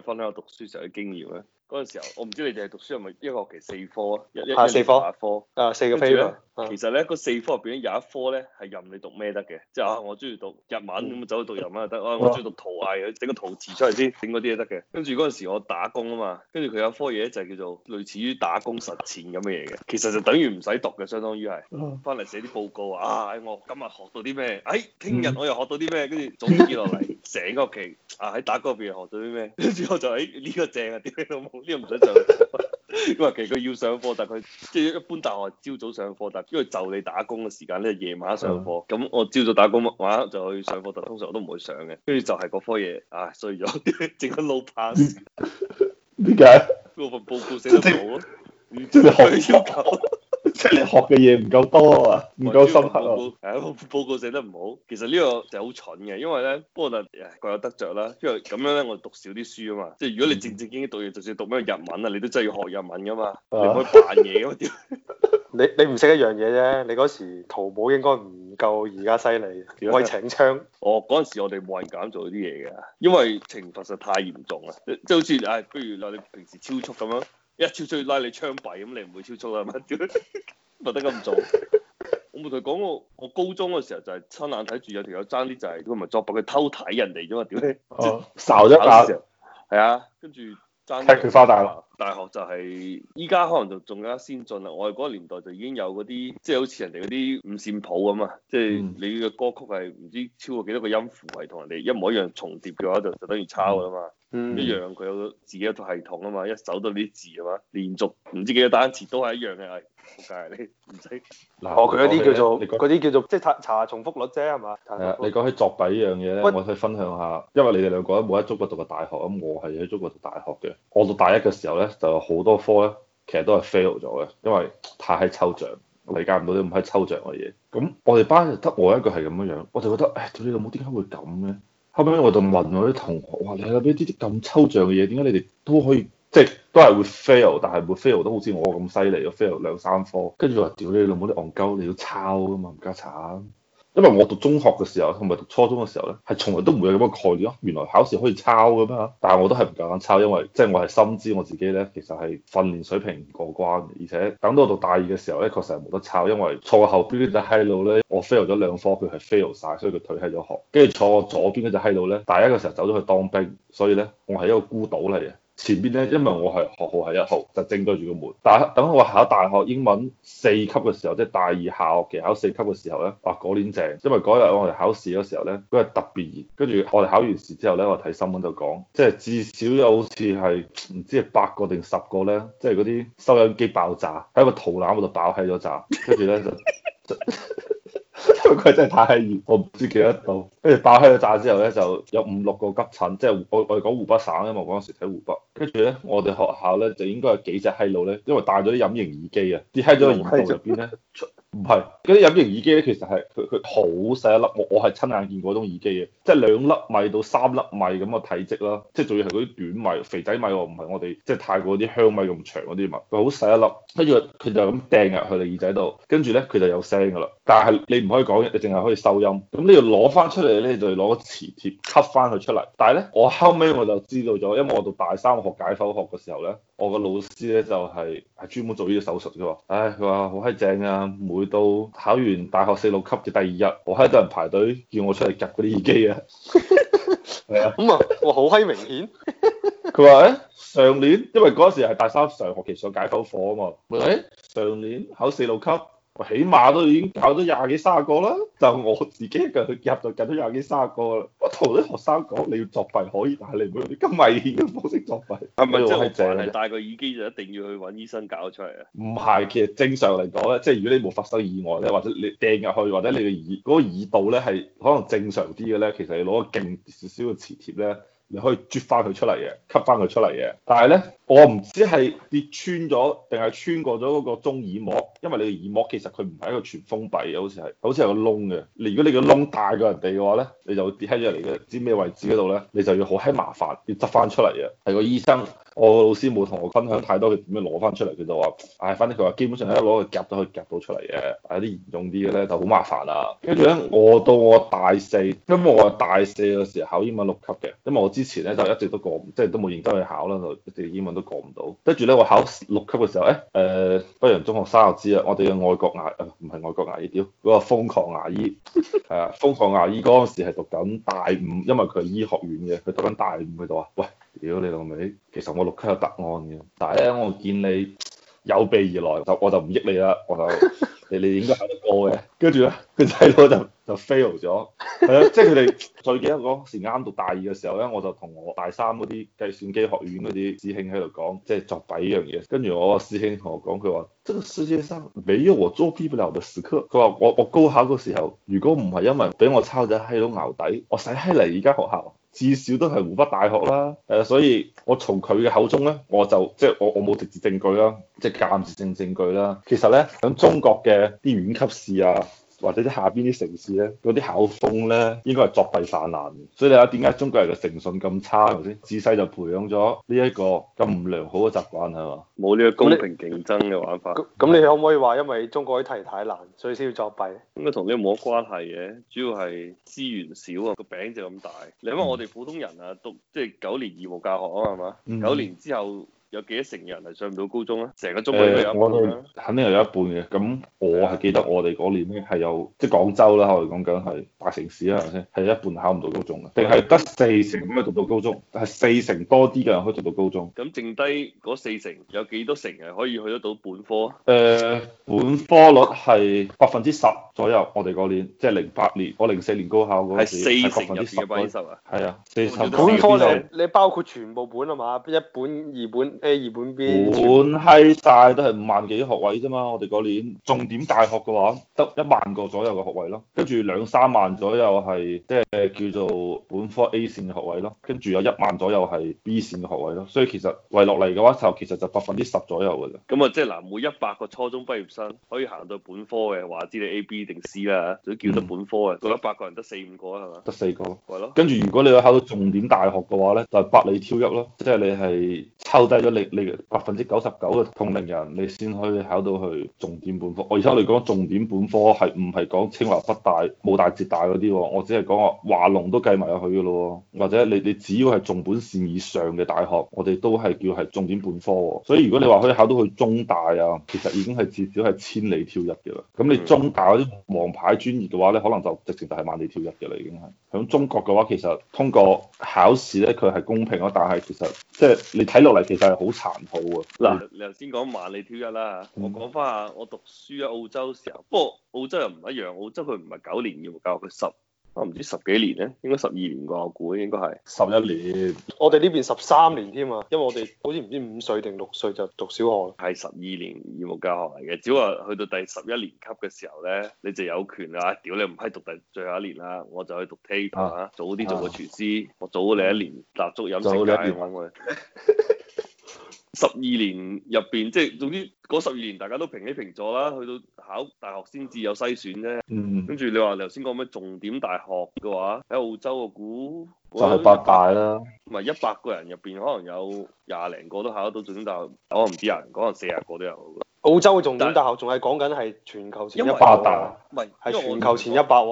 分享下讀書時候嘅經驗啦～嗰陣時候，我唔知你哋係讀書係咪一個學期四科課課啊？廿四科，啊四個科、啊、其實咧，嗰四科入邊有一科咧係任你讀咩得嘅，即係啊我中意讀日文咁啊走去讀日文就得、啊啊啊，我中意讀陶藝，整個陶瓷出嚟先，整嗰啲嘢得嘅。跟住嗰陣時我打工啊嘛，跟住佢有科嘢就係叫做類似於打工實踐咁嘅嘢嘅，其實就等於唔使讀嘅，相當於係翻嚟寫啲報告啊、哎，我今日學到啲咩？哎，聽日我又學到啲咩？跟、哎、住總結落嚟，成個學期啊喺打工入邊學到啲咩？跟住我就喺呢、哎呢個正啊，啲咩都冇。呢個唔使上課，因為 其實佢要上課，但佢即係一般大學朝早上課，但因為就你打工嘅時間咧，夜晚上，上課，咁、嗯、我朝早打工晚就去上課，但通常我都唔會上嘅，跟住就係嗰科嘢，唉衰咗，整緊 老 pass，點解？嗰份報告寫唔好啊，真係好要求。 即係你學嘅嘢唔夠多啊，唔夠深刻啊。係報，報告寫得唔好。其實呢個就好蠢嘅，因為咧，不過誒各有得着啦。因為咁樣咧，我讀少啲書啊嘛。即係如果你正正經經讀嘢，就算讀咩日文啊，你都真係要學日文噶嘛。啊、你可以扮嘢咁點？你你唔識一樣嘢啫。你嗰時淘寶應該唔夠而家犀利。我係請槍。我嗰陣時我哋冇人敢做啲嘢嘅，因為懲罰實太嚴重啦。即係好似誒、哎，不如你平時超速咁樣。一超速拉你槍斃咁，你唔會超速啦，係 咪？點解得咁早？我冇同佢講過。我高中嘅時候就係親眼睇住有條友爭啲就係、是，佢咪作弊佢偷睇人哋啫嘛？點解？哦，哨咗架，係啊，跟住。睇佢花大學，大學就係依家可能就仲更加先進啦。我哋嗰年代就已經有嗰啲，即係好似人哋嗰啲五線譜咁嘛，即係你嘅歌曲係唔知超過幾多個音符係同人哋一模一樣重疊嘅話就，就就等於抄啦嘛。一樣佢有自己一套系統啊嘛，一搜到啲字啊嘛，連續唔知幾多單詞都係一樣嘅。就係你唔使，嗱，哦喏，佢嗰啲叫做嗰啲說叫做說即係查，查重複率啫，係嘛？係啊，你講起作弊呢樣嘢咧，喂我可以分享下。因為你哋兩個都冇喺中國讀過大學，咁我係喺中國讀大學嘅。我讀大一嘅時候咧，就好多科咧，其實都係 fail 咗嘅，因為太抽象，理解唔到啲咁閪抽象嘅嘢。咁我哋班得我一個係咁樣樣，我就覺得誒，屌、哎、你老母點解會咁嘅？後尾我就問我啲同學，話你哋學啲啲咁抽象嘅嘢，點解你哋都可以即係？都係會 fail，但係會 fail 都好似我咁犀利，fail 兩三科。跟住我話，屌你老母，啲戇鳩，你都抄噶嘛？唔家慘。因為我讀中學嘅時候同埋讀初中嘅時候咧，係從來都唔會有咁嘅概念咯。原來考試可以抄噶嘛，但係我都係唔夠膽抄，因為即係、就是、我係深知我自己咧，其實係訓練水平唔過關嘅。而且等到我讀大二嘅時候咧，確實係冇得抄，因為坐後邊嗰隻閪佬咧，我 fail 咗兩科，佢係 fail 晒，所以佢退喺咗學。跟住坐我左邊嗰隻閪佬咧，大一嘅時候走咗去當兵，所以咧我係一個孤島嚟嘅。前邊咧，因為我係學號係一號，就是、正對住個門。但係等我考大學英文四級嘅時候，即、就、係、是、大二下學期考四級嘅時候咧，哇嗰年正，因為嗰日我哋考試嘅時候咧，嗰日特別熱，跟住我哋考完試之後咧，我睇新聞就講，即係至少有好似係唔知係八個定十個咧，即係嗰啲收音機爆炸喺個淘攬嗰度爆起咗炸，跟住咧就。就 佢真係太熱，我唔知幾多度，跟住爆開咗炸之後咧，就有五六個急診，即、就、係、是、我我哋講湖北省，因為我嗰陣時喺湖北，跟住咧我哋學校咧就應該有幾隻閪佬咧，因為戴咗啲隱形耳機啊，跌喺咗個熱度入邊咧。唔係嗰啲隱形耳機咧，其實係佢佢好細一粒，我我係親眼見過嗰種耳機嘅，即係兩粒米到三粒米咁嘅體積啦，即係仲要係嗰啲短米，肥仔米喎，唔係我哋即係泰國啲香米咁長嗰啲嘛。佢好細一粒，跟住佢就咁掟入去你耳仔度，跟住咧佢就有聲噶啦，但係你唔可以講，你淨係可以收音，咁你要攞翻出嚟咧，你就攞個磁鐵吸翻佢出嚟。但係咧，我後尾我就知道咗，因為我讀大三學解剖學嘅時候咧。我個老師咧就係係專門做呢個手術嘅喎啊，唉，佢話好閪正啊！每到考完大學四六級嘅第二日，我閪多人排隊叫我出嚟夾嗰啲耳機啊，係啊，咁啊，我好閪明顯，佢話咧，上年因為嗰陣時係大三上學期上解剖課啊嘛，誒， 上年考四六級，我起碼都已經搞咗廿幾卅個啦，就我自己一個去夾就夾咗廿幾卅個。同啲學生講，你要作弊可以，但係你唔會用咁危險嘅方式作弊。係咪？即係淨係戴個耳機就一定要去揾醫生搞出嚟啊？唔係嘅，其實正常嚟講咧，即係如果你冇發生意外咧，或者你掟入去，或者你嘅耳嗰個耳道咧係可能正常啲嘅咧，其實你攞個勁少少嘅磁鐵咧。你可以啜翻佢出嚟嘅，吸翻佢出嚟嘅。但係咧，我唔知係跌穿咗定係穿過咗嗰個中耳膜，因為你嘅耳膜其實佢唔係一個全封閉嘅，好似係好似有個窿嘅。你如果你個窿大過人哋嘅話咧，你就會跌喺咗嚟嘅，唔知咩位置嗰度咧，你就要好閪麻煩，要執翻出嚟嘅，係個醫生。我老師冇同我分享太多佢點樣攞返出嚟，佢就話：，唉、哎，反正佢話基本上咧攞去夾都可以夾到出嚟嘅，有啲嚴重啲嘅咧就好麻煩啦。跟住咧，我到我大四，因為我大四嘅時候考英文六級嘅，因為我之前咧就一直都過，即係都冇認真去考啦，就一直英文都過唔到。跟住咧，我考六級嘅時候，誒、哎，誒、呃，北陽中學生學生知啊，我哋嘅、呃、外國牙，唔係外國牙醫，嗰個瘋狂牙醫，係啊，瘋狂牙醫嗰陣時係讀緊大五，因為佢係醫學院嘅，佢讀緊大五，佢就話：，喂。屌你老味，其實我六級有答案嘅，但係咧我見你有備而來，就我就唔益你啦，我就你你應該考得過嘅。跟住咧，佢細佬就就 fail 咗，係啊，即係佢哋最記得嗰時啱讀大二嘅時候咧，我就同我大三嗰啲計算機學院嗰啲師兄喺度講，即係作弊一樣嘢。跟住我個師兄同我講，佢話：，這個世界上沒有我作弊不了的時刻。佢話我我高考嗰時候，如果唔係因為俾我抄咗喺度牛底，我使喺嚟而家學校。至少都係湖北大學啦，所以我從佢嘅口中呢，我就即、就是、我我冇直接證據啦，即係間接性證據啦。其實呢，喺中國嘅啲縣級市啊，或者啲下邊啲城市咧，嗰啲考風咧應該係作弊泛濫，所以你睇下點解中國人嘅誠信咁差先？自細就培養咗呢一個咁唔良好嘅習慣係嘛？冇呢個公平競爭嘅玩法。咁你，你可唔可以話因為中國啲題太難，所以先要作弊咧？應該同呢冇乜關係嘅，主要係資源少啊，個餅就咁大。你諗下我哋普通人啊，讀即係九年義務教學啊嘛，係嘛？九、嗯、年之後。有幾多成人係上唔到高中咧？成個中國都有、啊、呃、我肯定係有一半嘅。咁我係記得我哋嗰年咧係有、啊、即係廣州啦，我哋講緊係大城市啦，係一半考唔到高中嘅，定係得四成可以讀到高中？係 四成多啲嘅人可以讀到高中。咁、嗯、剩低嗰四成有幾多成人可以去得到本科？誒、呃，本科率係百分之十左右。我哋嗰年即係零八年，我零四年高考嗰時係四成入百分之十啊。係啊，本科就你包括全部本啊嘛，一本、二本。A 二本 B，本身曬都係五萬幾學位啫嘛。我哋嗰年重點大學嘅話，得一萬個左右嘅學位咯。跟住兩三萬左右係即係叫做本科 A 線嘅學位咯。跟住有一萬左右係 B 線嘅學位咯。所以其實圍落嚟嘅話就其實就百分之十左右嘅啫。咁啊即係嗱，每一百個初中畢業生可以行到本科嘅，話知你 A、B 定 C 啊，總叫得本科啊，嗰一百個人得四五個啊，係咪？得四個咯。係咯。跟住如果你要考到重點大學嘅話咧，就百裏挑一咯。即係你係抽低咗。你你百分之九十九嘅同齡人，你先可以考到去重點本科。我而且我哋講重點本科係唔係講清華、北大、武大、浙大嗰啲？我只係講話華農都計埋入去噶咯。或者你你只要係重本線以上嘅大學，我哋都係叫係重點本科。所以如果你話可以考到去中大啊，其實已經係至少係千里挑一嘅啦。咁你中大嗰啲王牌專業嘅話咧，可能就直情就係萬里挑一嘅啦。已經係。喺中國嘅話，其實通過考試咧，佢係公平咯。但係其實即係你睇落嚟，其實好殘酷啊！嗱，你頭先講萬里挑一啦，我講翻下我讀書喺、啊、澳洲時候，不過澳洲又唔一樣，澳洲佢唔係九年義務教育，佢十我唔知十幾年咧，應該十二年啩？我估應該係十一年，我哋呢邊十三年添啊，因為我哋好似唔知五歲定六歲就讀小學，係十二年義務教學嚟嘅。只要話去到第十一年級嘅時候咧，你就有權啊、哎！屌你唔係讀第最後一年啦，我就去讀 taper、啊、早啲做個廚師，啊、我早你一年立足飲食界咁樣。 十二年入邊，即係總之嗰十二年大家都平起平坐啦，去到考大學先至有篩選啫。嗯，跟住你話頭先講咩重點大學嘅話，喺澳洲我估就係八大啦，唔係一百個人入邊可能有廿零個都考得到重點大學，可能唔止人，可能四十個都有。澳洲嘅重點大學仲係講緊係全球前一百，唔係係全球前一百，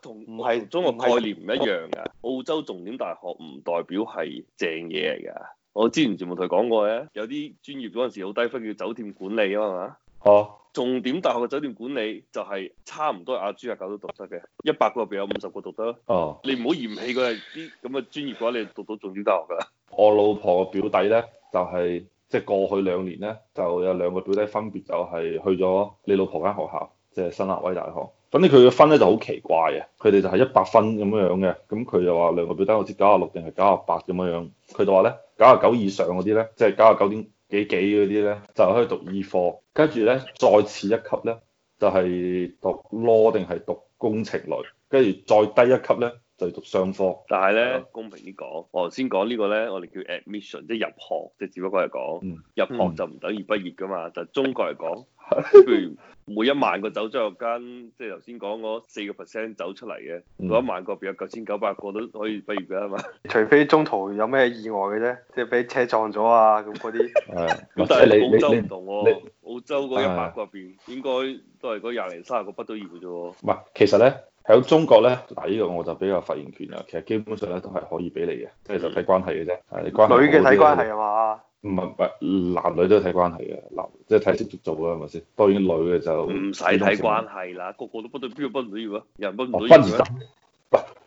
同唔係，中國概念唔一樣嘅。澳洲重點大學唔代表係正嘢嚟噶。我之前全部同佢講過嘅，有啲專業嗰陣時好低分叫酒店管理啊嘛，哦，oh. 重點大學嘅酒店管理就係差唔多阿豬阿狗都讀得嘅，一百個入邊有五十個讀得，哦，oh. 你唔好嫌棄佢係啲咁嘅專業嘅話，你讀到重點大學噶啦。Oh. 我老婆嘅表弟咧，就係即係過去兩年咧，就有兩個表弟分別就係去咗你老婆間學校，即、就、係、是、新立威大學。咁咧佢嘅分咧就好奇怪嘅，佢哋就係一百分咁樣樣嘅，咁佢就話兩個表單好似九十六定係九十八咁樣樣，佢就話咧九十九以上嗰啲咧，即係九十九點幾幾嗰啲咧，就可以讀醫科，跟住咧再次一級咧就係、是、讀 law 定係讀工程類，跟住再低一級咧。就係讀商科，但係咧吧公平啲講，我頭先講呢個咧，我哋叫 admission，即係入學，即係只不過係講，入學就唔等於畢業噶嘛。嗯、就中國嚟講，譬 如每一萬個走咗入間，即係頭先講嗰四個 percent 走出嚟嘅，嗰、嗯、一萬個，譬如有九千九百個都可以畢業噶嘛。除非中途有咩意外嘅啫，即係俾車撞咗啊咁嗰啲。咁 但係你你你。你你你你澳洲嗰一百個入面，uh, 應該都係嗰廿零三十個畢到業嘅啫喎。唔係，其實咧喺中國咧，嗱呢個我就比較發言權啦。其實基本上咧都係可以俾你嘅，即係、嗯、就睇關係嘅啫。係你關係女嘅睇關係啊嘛。唔係唔係，男女都睇關係嘅，男即係睇識唔識做啦，係咪先？當然女嘅就唔使睇關係啦，個個都不到邊個筆唔俾要啊，有人分唔到。哦。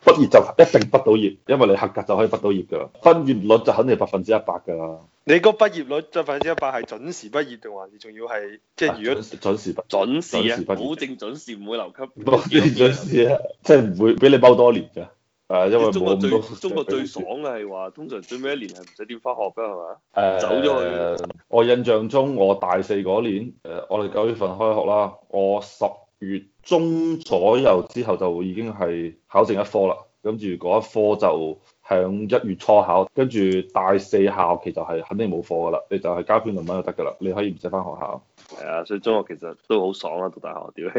畢業就一定畢到業，因為你合格就可以畢到業噶啦，畢業率就肯定百分之一百噶啦。你嗰個畢業率就百分之一百係準時畢業定還是仲要係即係如果準時畢準，準，準時啊，保證準時唔會留級。唔係準時啊，即係唔會俾你包多年噶。誒、啊，啊、因為多中國最中國最爽嘅係話，通常最尾一年係唔使點翻學噶係嘛？誒，欸、走咗去。我印象中我大四嗰年，誒，我哋九月份開學啦，我十。月中左右之後就會已經係考剩一科啦，跟住嗰一科就響一月初考，跟住大四下學期就係肯定冇課噶啦，你就係交篇論文就得噶啦，你可以唔使返學校。係啊，所以中學其實都好爽啊，讀大學屌